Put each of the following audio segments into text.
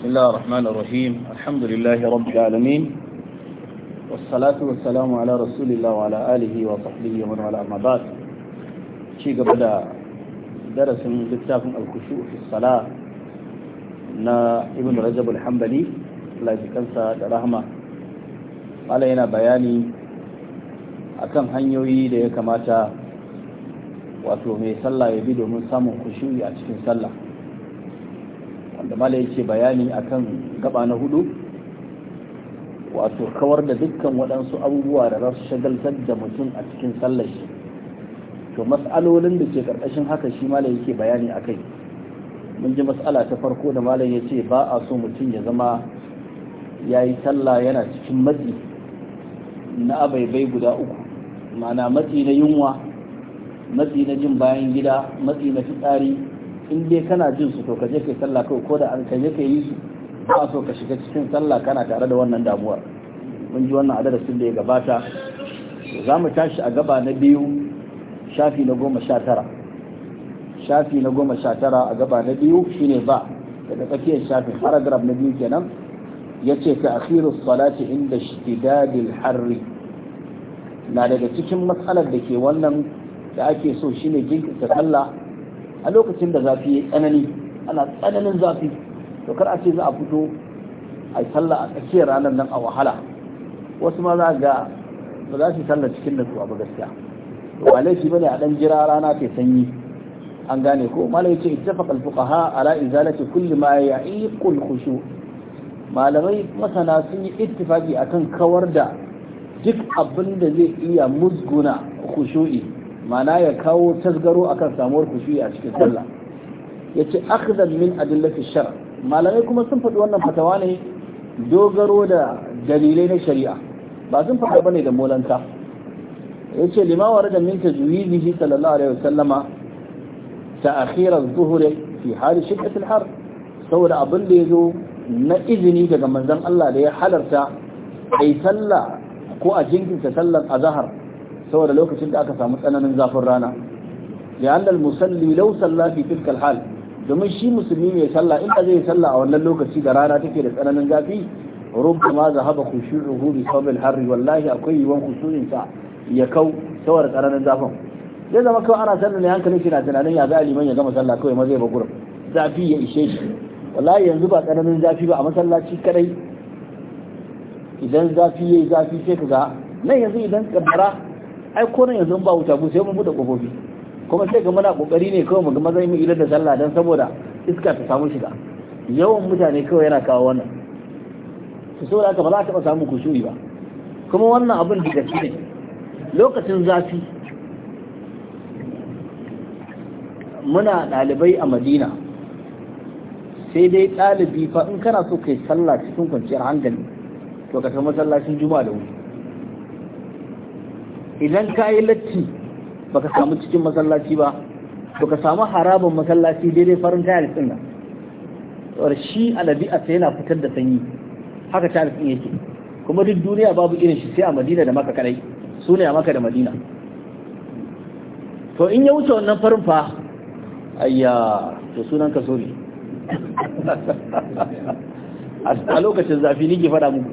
بسم الله الرحمن الرحيم الحمد لله رب العالمين والصلاة والسلام على رسول الله وعلى آله وصحبه ومن والاه أما بعد شيء قبل درس من كتاب الخشوع في الصلاة نا ابن رجب الحنبلي الله يجزاه رحمه قال هنا بياني akan hanyoyi da ya kamata wato mai sallah ya bi domin samun khushu'i a cikin sallah wanda mala yake bayani akan gaba na hudu wato kawar da dukkan waɗansu abubuwa da za su shagaltar da mutum a cikin sallar shi to mas'alolin da ke ƙarƙashin haka shi mala yake bayani a kai mun ji mas'ala ta farko da malam ya ce ba a so mutum ya zama ya yi sallah yana cikin matsi na abaibai guda uku ma'ana matsi na yunwa matsi na jin bayan gida matsi na fitsari in dai kana jin su to ka je kai sallah kai ko da an kai kai yi su ba so ka shiga cikin sallah kana tare da wannan damuwar mun ji wannan sun da ya gabata za mu tashi a gaba na biyu shafi na goma sha tara shafi na goma sha tara a gaba na biyu shine ba daga tsakiyar shafin paragraph na biyu kenan ya ce ta akhiru salati inda shidadil harri na daga cikin matsalar da ke wannan da ake so shine jinkirta sallah a lokacin da zafi ya tsanani ana tsananin zafi to kar a ce za a fito a sallah a tsakiyar ranar nan a wahala wasu ma za ga ba za su sallah cikin natsuwa ba gaskiya ba laifi bane a dan jira rana ta sanyi an gane ko malai ce ittafaqa al ha ala izalati kulli ma ya al-khushu malamai masana sun yi ittifaki akan kawar da duk abin da zai iya musguna khushu'i ma'ana ya kawo tasgaro akan samuwar kushi a cikin sallah yace akhdan min adillati shar malamai kuma sun faɗi wannan fatawa ne dogaro da dalilai na shari'a ba sun faɗa bane da molanta yace lima da min tajwidihi sallallahu alaihi wasallama ta'khir adh-dhuhr fi hali shiddat har saboda abin da zo na izini daga manzon Allah da ya halarta ai sallah ko a jinkirta sallar azhar saboda lokacin da aka samu tsananin zafin rana li'annal musalli law salla fi tilkal hal domin shi musulmi mai sallah in ba zai salla a wannan lokaci da rana take da tsananin zafi rubba ma zahaba khushu'uhu bi sabil harri wallahi akwai yiwan khushu'in sa ya kau saboda tsananin zafin zai zama kawai ana sallah ne hankalin shi na tunanin ya ga liman ya gama sallah kawai ma zai ba gurin zafi ya ishe shi wallahi yanzu ba tsananin zafi ba a masallaci kadai idan zafi yayi zafi sai ka ga nan yanzu idan kaddara ai ko yanzu ba wuta sai mun bude kofofi kuma sai ga muna kokari ne kawai mu ga maza mu ilar da sallah dan saboda iska ta samu shiga yawan mutane kawai yana kawo wannan su da ka ba za ka samu ba kuma wannan abin da gaske ne lokacin zafi muna dalibai a madina sai dai ɗalibi fa in kana so kai sallah cikin kwanciyar hankali to ka tafi masallacin juma'a da wuri idan ka yi latti ba ka samu cikin masallaci ba ka samu harabin masallaci daidai farin tiles din nan saboda shi a sai yana fitar da sanyi haka tiles din yake kuma duk duniya babu irin shi sai a Madina da maka kadai su ne a maka da Madina to in ya wuce wannan farin fa ayya to sunan ka sori a lokacin zafi nike faɗa muku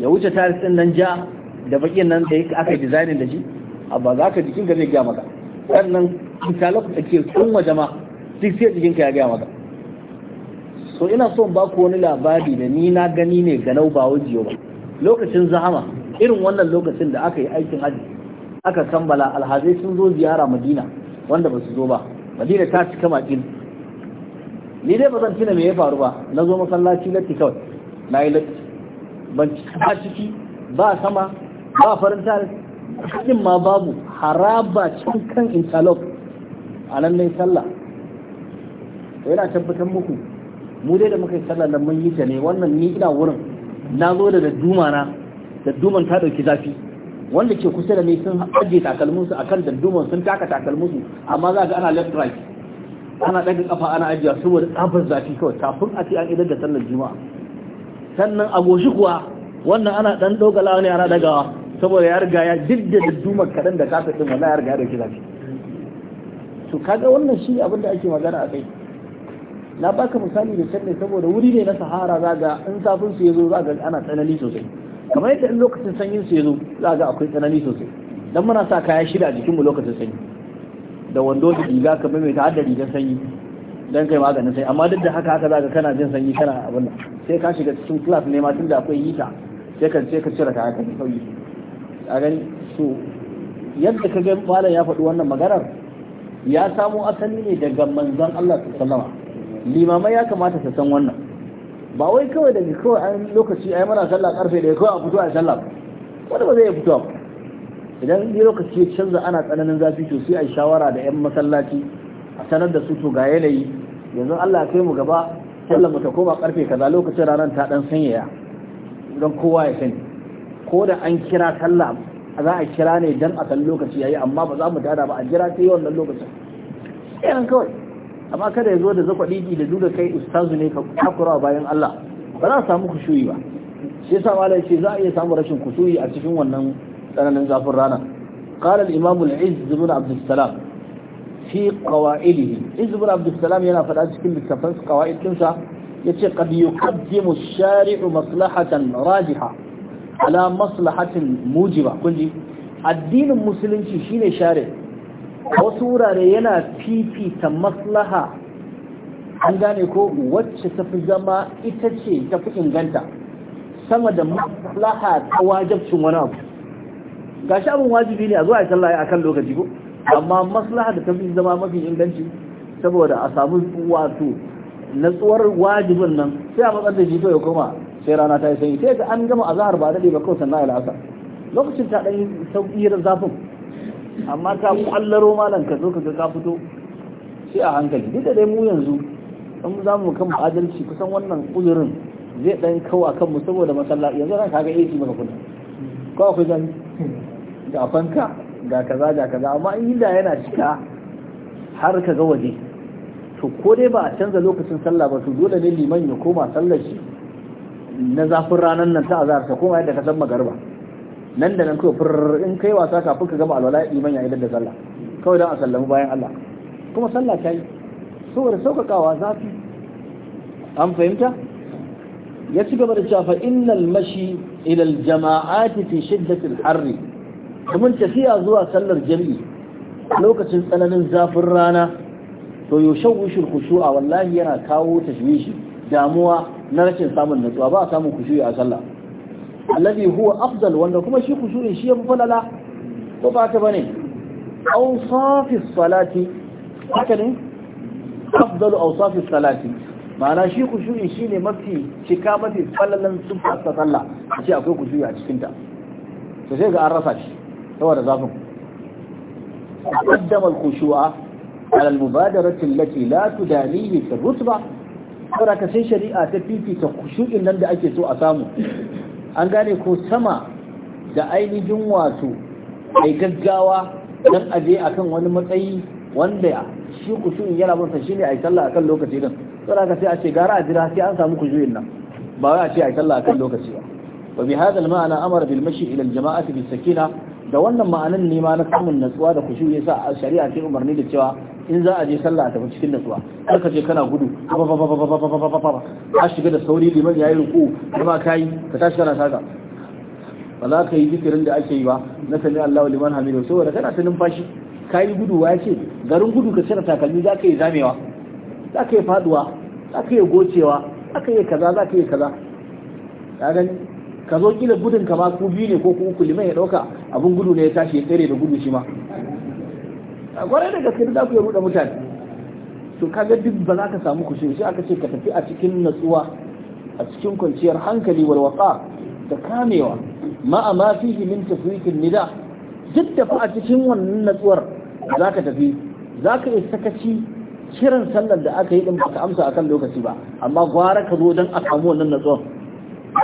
ya wuce tiles din nan ja da bakin nan da aka designing da shi ba za ka jikinka zai gaya maka sannan misalan da ke kun waje ma duk sai jikinka ya gaya maka so ina son ba ku wani labari da ni na gani ne ga nau ba wajiyo ba lokacin zahama irin wannan lokacin da aka yi aikin hajji aka kammala alhazai sun zo ziyara madina wanda ba su zo ba madina ta cika makin ni dai ba zan tuna me ya faru ba na zo masallaci latti kawai na yi latti ban ciki ba sama ba farin tare ma babu haraba can kan interlock a nan ne sallah sai yana tabbatar muku mu dai da muka yi sallah nan mun yi ta ne wannan ni ina wurin na zo da dadduma na dadduman ta dauki zafi wanda ke kusa da ni sun ajiye takalminsu akan dadduman sun taka takalminsu amma za ga ana left right ana ɗaga ƙafa ana ajiya saboda tsafin zafi kawai kafin a ce an idar da sallar juma'a sannan a goshi kuwa wannan ana ɗan ɗogalawa ne ana ɗagawa saboda ya riga ya duk da duma kaɗan da kasa ɗin wallahi ya riga da kira ce to kaga wannan shi abin da ake magana a kai na baka misali da can ne saboda wuri ne na sahara zaga in safin su yazo zaga ana tsanani sosai kamar yadda in lokacin sanyin su yazo zaga akwai tsanani sosai dan muna sa kaya shida a jikin mu lokacin sanyi da wando da riga ka mai ta da sanyi dan kai maganin sai amma duk da haka haka zaka kana jin sanyi kana abin sai ka shiga cikin class ne ma tunda akwai hita sai ka sai ka cire kaya ka sauyi a gani su yadda ka ga malam ya faɗi wannan maganar ya samo asali ne daga manzon Allah sallama limamai ya kamata su san wannan ba wai kawai daga kawai an lokaci ai mana sallah karfe da kawai a fito a sallah wanda ba zai iya fito idan yi lokaci ya canza ana tsananin zafi to sai a shawara da yan masallaci a sanar da su to ga yanayi yanzu Allah ya kai mu gaba sallar mu ta koma karfe kaza lokacin ranar ta dan sanyaya don kowa ya sani ko da an kira sallah za a kira ne dan a kan lokaci yayi amma ba za mu tada ba a jira sai wannan lokacin irin kawai amma kada ya zo da zakwaɗi da duka kai ustazu ne ka takura bayan Allah ba za a samu kushuyi ba shi yasa malai ce za a iya samu rashin kushuyi a cikin wannan tsananin zafin rana qala al-imam al-izz ibn abd salam fi qawaidihi izz ibn abd salam yana fada cikin littafin qawaid dinsa yace qad yuqaddimu ash-shari'u maslahatan rajiha ala maslahatin mujiba kunji addinin musulunci shine share wasu wurare yana fifita maslaha an gane ko wacce tafi zama ita ce tafi inganta sama da maslaha ta wajabcin wani abu gashi abin wajibi ne a zuwa sallah a kan lokaci ko amma maslaha da tafi zama mafi inganci saboda a samu wato natsuwar wajibin nan sai a matsar da shi ya koma sai rana ta yi sanyi sai ga an gama azahar ba daɗe ba kawai sannan al'asar lokacin ta ɗan sauƙi zafin amma ta ƙwallaro malam ka zo ka ga ka fito sai a hankali duk da dai mu yanzu in za mu kan adalci kusan wannan ƙudurin zai ɗan kawo a kanmu saboda masallaci yanzu ran kaga AC maka kuɗi ko akwai zan ga fanka ga kaza ga kaza amma in da yana cika har ka ga waje to ko dai ba a canza lokacin sallah ba to dole ne liman ya koma sallar shi na zafin ranar nan ta azhar ta koma yadda ka san magarba nan da nan kawai fur in kai wasa kafin ka gama alwala iman ya idan da sallah kawai don a sallamu bayan Allah kuma sallah ta yi saboda sauƙaƙawa zafi an fahimta ya ci gaba da cewa fa innal mashi ila al jama'ati fi shiddati al har domin tafiya zuwa sallar jami'i lokacin tsananin zafin rana to yushawwishu al khushu'a wallahi yana kawo tashwishi damuwa na rashin samun nutsuwa ba a samun kushuri a sallah allazi huwa afdal wanda kuma shi kushuri shi yafi falala ko ba ta bane awsafis salati haka ne afdalu awsafis salati ma'ana shi kushuri shine mafi cika mafi falalan sunfa ta sallah a ce akwai kushuri a cikin ta to sai ga an rasa shi saboda zafin قدم الخشوع على المبادرة التي لا تدانيه في الرتبة saboda ka sai shari'a ta fifita kushu'in nan da ake so a samu an gane ko sama da ainihin wato ai gaggawa dan aje kan wani matsayi wanda shi kushu'in yana masa shine ai sallah kan lokaci din saboda ka sai a ce gara a jira sai an samu kushu'in nan ba wai a ce ai sallah kan lokaci ba wa bi hadha al amara bil mashi ila al-jama'ati sakina da wannan ma'anan ne ma na samun natsuwa da kushu'i yasa shari'a ce umarni da cewa in za a je sallah a tafi cikin nasuwa kar ka je kana gudu ka shiga da sauri liman yi ruku kuma yi ka tashi kana saka ba za ka yi zikirin da ake yi ba na sami Allahu liman hamidu saboda kana ta numfashi ka yi gudu ya ce garin gudu ka cire takalmi za ka yi zamewa za ka yi faduwa za ka yi gocewa za ka yi kaza za ka yi kaza ka gani ka zo kila gudun ka ku biyu ne ko ku uku liman ya dauka abun gudu ne ya tashi ya tsere da gudu shi ma a gwarai da gaske za ku ya ruɗa mutane to kaga duk ba za ka samu kushe shi aka ce ka tafi a cikin natsuwa a cikin kwanciyar hankali walwaka da kamewa ma'a ma fihi min tafwikin nida duk da fa a cikin wannan natsuwar za ka tafi za ka yi sakaci kiran sallar da aka yi din baka amsa akan lokaci ba amma gwara ka zo don a samu wannan natsuwar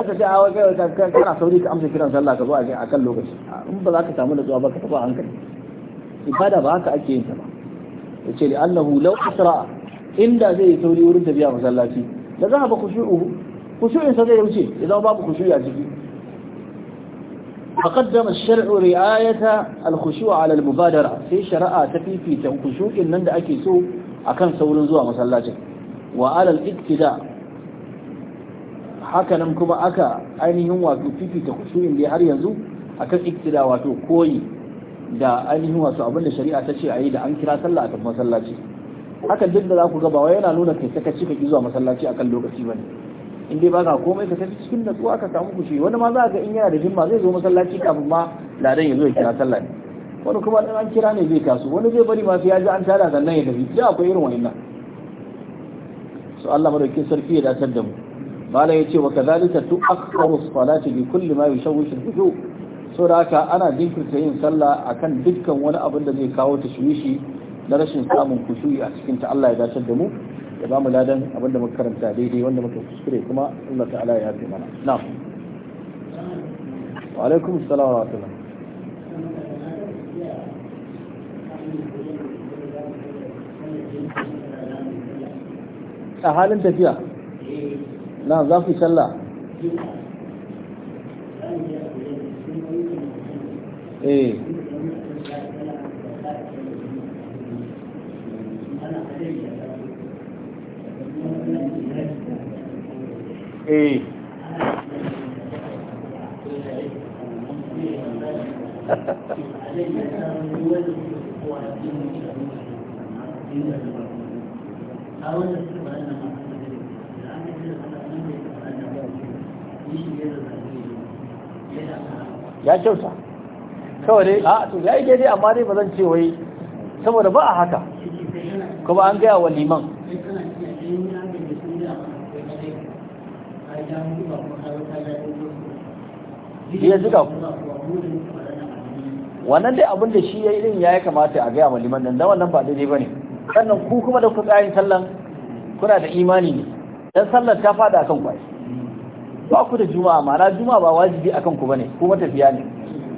aka ce a ah, wajen kana sauri ka amsa kiran sallah ka zo a akan lokaci in ba za ka samu natsuwa ba ka tafi hankali ibada ba haka ake yin ta ba ya ce da annahu inda zai yi sauri wurin tafiya masallaci da za a ba kushu uhu kushu in wuce ya zama babu kushu a ciki faqaddama ash-shar'u ri'ayata al-khushu 'ala al-mubadara sai shari'a ta fifita khushu'in nan da ake so akan saurin zuwa masallaci wa 'ala hakanan kuma aka ainihin wato fifita khushu'in dai har yanzu akan iqtida wato koyi da ainihin wasu abin da shari'a ta ce a yi da an kira sallah a tafi masallaci hakan duk da za ku gabawa yana nuna kai ta cika ka ki zuwa masallaci a kan lokaci ba ne. in dai ba ka komai ka tafi cikin natsuwa ka samu kushe wani ma za ka in yana da himma zai zo masallaci kafin ma ladan ya zo ya kira sallah wani kuma dan an kira ne zai taso wani zai bari ma sai ya ji an tada sannan ya tafi ya akwai irin wannan so Allah madaukakin sarki ya dasar da mu mala yace wa kadhalika tu'akhkharu salati bi kulli ma yushawwishu al-wujuh so ana jinkirta yin sallah akan dukkan wani abin da zai kawo ta tashwishi na rashin samun kushuyi a cikin ta Allah ya dace da mu ya ba mu ladan abin da muka karanta daidai wanda muka kuskure kuma Allah ta'ala ya yafe mana na'am wa alaikum assalam wa rahmatullah a halin tafiya na za ku sallah Eh. Eh. ya kyauta kawai dai a to yayi dai amma dai ba zan ce wai saboda ba a haka kuma an gaya wa liman ya zika wannan dai abin da shi ya yi ya ya kamata a gaya wa liman nan dan wannan ba daidai ne. sannan ku kuma da ku tsayin sallan kuna da imani ne dan sallar ta fada akan kwai ba ku da juma'a ma'ana juma'a ba wajibi akan ku bane ku matafiya ne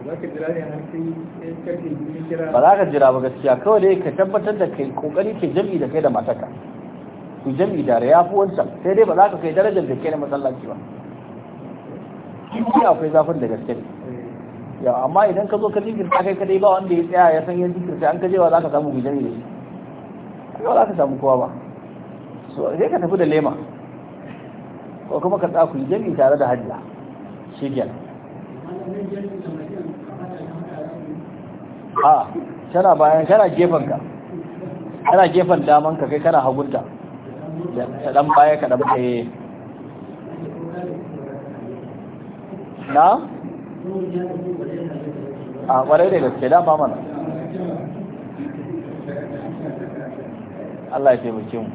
ba za ka jira ba gaskiya kawai dai ka tabbatar da kai kokari ke jami da kai da mataka ku jami da ya fi wancan sai dai ba za ka kai darajar da kai na masallaci ba kuma akwai zafin da gaske ne yau amma idan ka zo ka jinkirta kai kadai ba wanda ya tsaya ya san ya jinkirta an ka jewa za ka samu gujami da shi ba za ka samu kowa ba so sai ka tafi da lema ko kuma ka tsaku jami tare da hajja shi a tana bayan kana gefanka kana gefen damanka kai kana hagunta da dan baya ka dan baye na a kwarai da gaske dama mana Allah ya taimake mu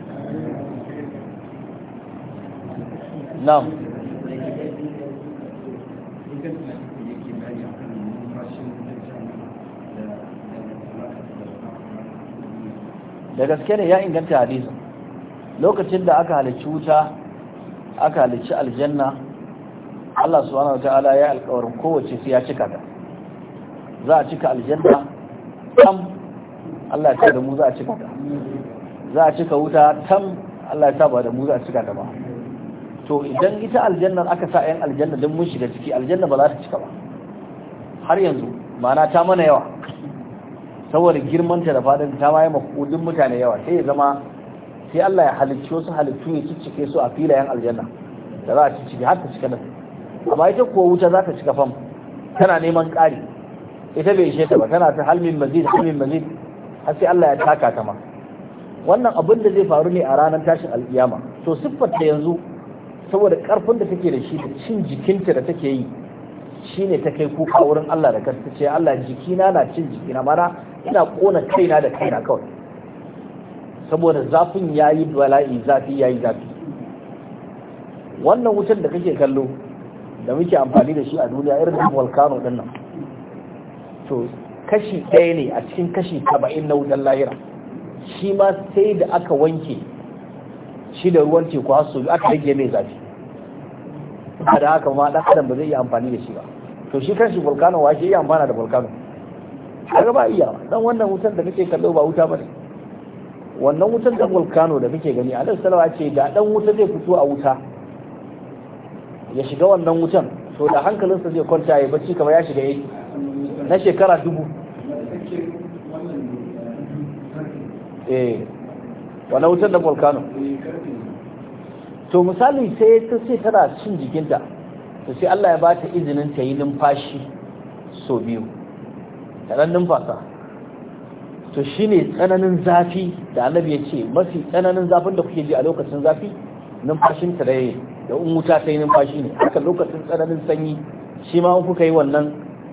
na'am da gaske ne ya inganta hadisi lokacin da aka halicci wuta aka halicci aljanna Allah subhanahu wataala ya alƙawarin kowace sai ya cika ta za a cika aljanna tam Allah ya sa da mu za a cika ta za a cika wuta tam Allah ya sa ba da mu za a cika ta ba to idan ita aljanna aka sa 'yan aljanna don mun shiga ciki aljanna ba za ta cika ba har yanzu ma'ana ta mana yawa saboda girmanta da fadin ta ma yi makudin mutane yawa sai ya zama sai Allah ya halicci wasu halittu ya ciccike su a filayen aljanna da za a ciccike har ta cika nan amma ita kuwa wuta za ta cika fam tana neman ƙari ita bai ishe ta ba tana ta halmin mazid halmin mazid har sai Allah ya taka ta ma wannan abin da zai faru ne a ranar tashin alkiyama to siffar ta yanzu saboda karfin da take da shi da cin jikinta da take yi shine ta kai kuka wurin Allah da kasance Allah jikina na cin jikina mana ina kona kaina da kaina kawai saboda zafin ya yi bala'i zafi ya yi zafi wannan wutar da kake kallo da muke amfani da shi a duniya irin da volcano din nan to kashi ɗaya ne a cikin kashi saba'in na wutar lahira shi ma sai da aka wanke shi da ruwan teku har su aka rage mai zafi da haka ma ɗan adam ba zai iya amfani da shi ba to shi kashi volcano wa shi iya amfana da volcano kaga ba iya dan wannan wutar da kake kallo ba wuta bane wannan wutar da volcano da muke gani alaihi salawa ce da dan wuta zai fito a wuta ya shiga wannan wutan to da hankalinsa zai kwanta ya bacci kamar ya shiga yayi na shekara dubu eh wannan wutar da volcano to misali sai ta ce tana cin jikinta to sai Allah ya ba ta izinin ta yi numfashi so biyu tsananin fasa to shine tsananin zafi da annabi ya ce mafi tsananin zafin da kuke ji a lokacin zafi numfashin ta dai da in wuta sai numfashi ne haka lokacin tsananin sanyi shi ma kuka yi wannan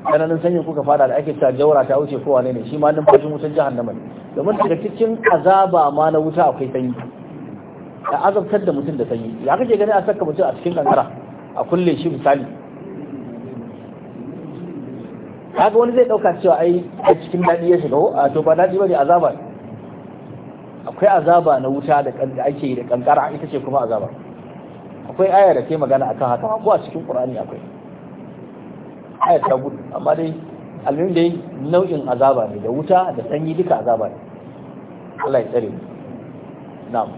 tsananin sanyin kuka fada da ake ta jaura ta wuce kowa ne shi ma numfashin wutan jahannama ne domin daga cikin azaba ma na wuta akwai sanyi a azabtar da mutum da sanyi ya kake gani a saka mutum a cikin kankara a kulle shi misali haka wani zai dauka cewa ai a cikin daɗi ya shiga a to ba daɗi bane azaba akwai azaba na wuta da ake yi da kankara ita ce kuma azaba akwai aya da ke magana akan haka ko a cikin qur'ani akwai aya ta gudu amma dai almin dai nau'in azaba ne da wuta da sanyi duka azaba ne Allah ya tsare mu na'am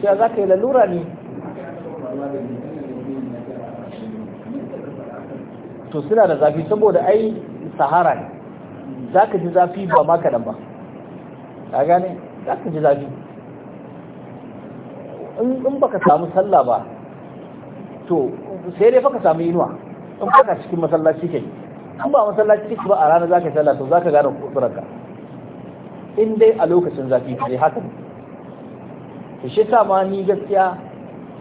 cewa za ka yi lalura ne to suna da zafi saboda ai sahara ne za ka ji zafi ba makadan ba ta gane za ka ji zafi in ba ka samu sallah ba to sai dai fa ka samu inuwa in ba ka cikin masallaci ke in ba masallaci kake ba a ranar za ka sallah to za ka gane kusurarka in dai a lokacin zafi ne haka ne ka shi sa ma ni gaskiya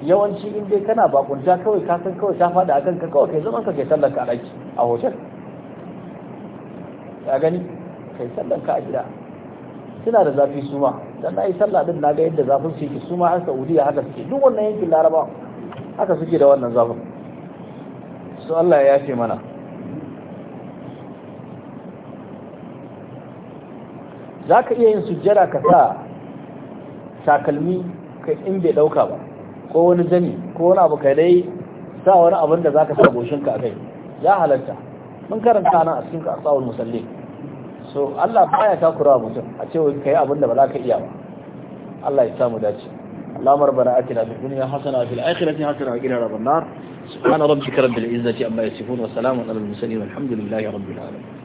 yawanci in dai kana bakunta kawai ka san kawai ta faɗi a ka kawai kai zaman ka kai sallar ka a a hotel ya gani kai sallar ka a gida suna da zafi su ma dan na yi sallah din na ga yadda zafin su yake su ma har Saudiya haka suke duk wannan yankin Laraba haka suke da wannan zafin su Allah ya yafe mana za ka iya yin sujjada ka sa takalmi kai in bai dauka ba ko wani zani ko wani abu kai dai sa wani abin da zaka sa goshinka a kai ya halatta mun karanta nan a cikin asawul musallin so Allah baya takura mutum a ce kai abin da ba za ka iya ba Allah ya samu dace اللهم ربنا اتنا في الدنيا حسنه وفي الاخره حسنه وقنا عذاب النار سبحان ربك رب العزه amma يصفون وسلام على alal والحمد لله رب العالمين